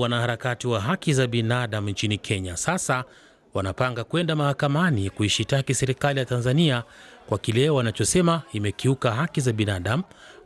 Wanaharakati wa haki za binadamu nchini Kenya sasa wanapanga kwenda mahakamani kuishitaki serikali ya Tanzania kwa kile wanachosema imekiuka haki za binadamu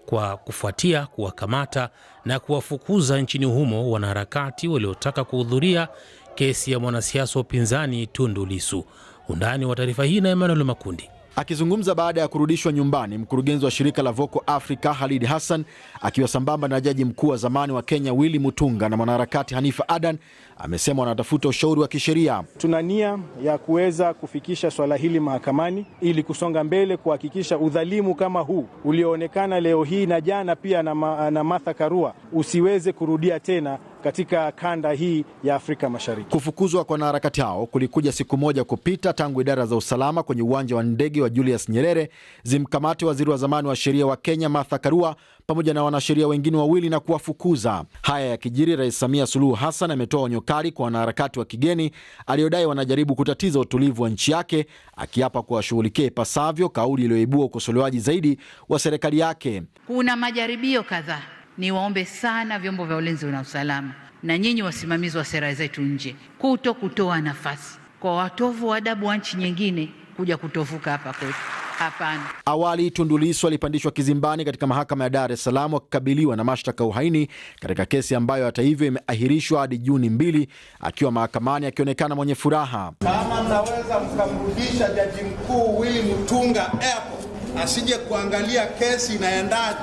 kwa kufuatia kuwakamata na kuwafukuza nchini humo wanaharakati waliotaka kuhudhuria kesi ya mwanasiasa wa upinzani Tundu Lisu. Undani wa taarifa hii na Emmanuel Makundi. Akizungumza baada ya kurudishwa nyumbani, mkurugenzi wa shirika la voko Africa Halid Hassan akiwa sambamba na jaji mkuu wa zamani wa Kenya Willy Mutunga na mwanaharakati Hanifa Adan amesema wanatafuta ushauri wa kisheria. Tuna nia ya kuweza kufikisha swala hili mahakamani ili kusonga mbele kuhakikisha udhalimu kama huu ulioonekana leo hii na jana pia na, ma, na Martha Karua usiweze kurudia tena katika kanda hii ya Afrika Mashariki. Kufukuzwa kwa wanaharakati hao kulikuja siku moja kupita tangu idara za usalama kwenye uwanja wa ndege wa Julius Nyerere zimkamate waziri wa zamani wa sheria wa Kenya Martha Karua pamoja na wanasheria wengine wawili na kuwafukuza. Haya yakijiri, Rais Samia Suluhu Hassan ametoa onyo kali kwa wanaharakati wa kigeni aliyodai wanajaribu kutatiza utulivu wa nchi yake, akiapa kuwashughulikia ipasavyo, kauli iliyoibua ukosolewaji zaidi wa serikali yake. Kuna majaribio kadhaa niwaombe sana vyombo vya ulinzi na usalama na nyinyi wasimamizi wa sera zetu nje, kuto kutoa nafasi kwa watovu wa adabu wa nchi nyingine kuja kutovuka hapa kwetu. Hapana. Awali Tundu Lissu alipandishwa kizimbani katika mahakama ya Dar es Salaam akikabiliwa na mashtaka uhaini katika kesi ambayo hata hivyo imeahirishwa hadi Juni mbili, akiwa mahakamani akionekana mwenye furaha. Kama mnaweza mkamrudisha jaji mkuu Willy Mutunga Airport asije kuangalia kesi inaendaje.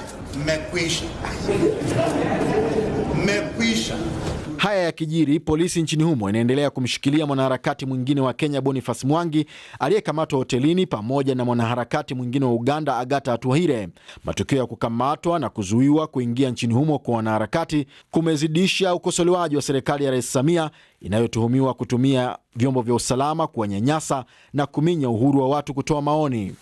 Mmekwisha, mmekwisha. Haya ya kijiri, polisi nchini humo inaendelea kumshikilia mwanaharakati mwingine wa Kenya Boniface Mwangi aliyekamatwa hotelini pamoja na mwanaharakati mwingine wa Uganda Agata Atuhaire. Matukio ya kukamatwa na kuzuiwa kuingia nchini humo kwa wanaharakati kumezidisha ukosolewaji wa serikali ya Rais Samia inayotuhumiwa kutumia vyombo vya usalama kuwanyanyasa na kuminya uhuru wa watu kutoa maoni.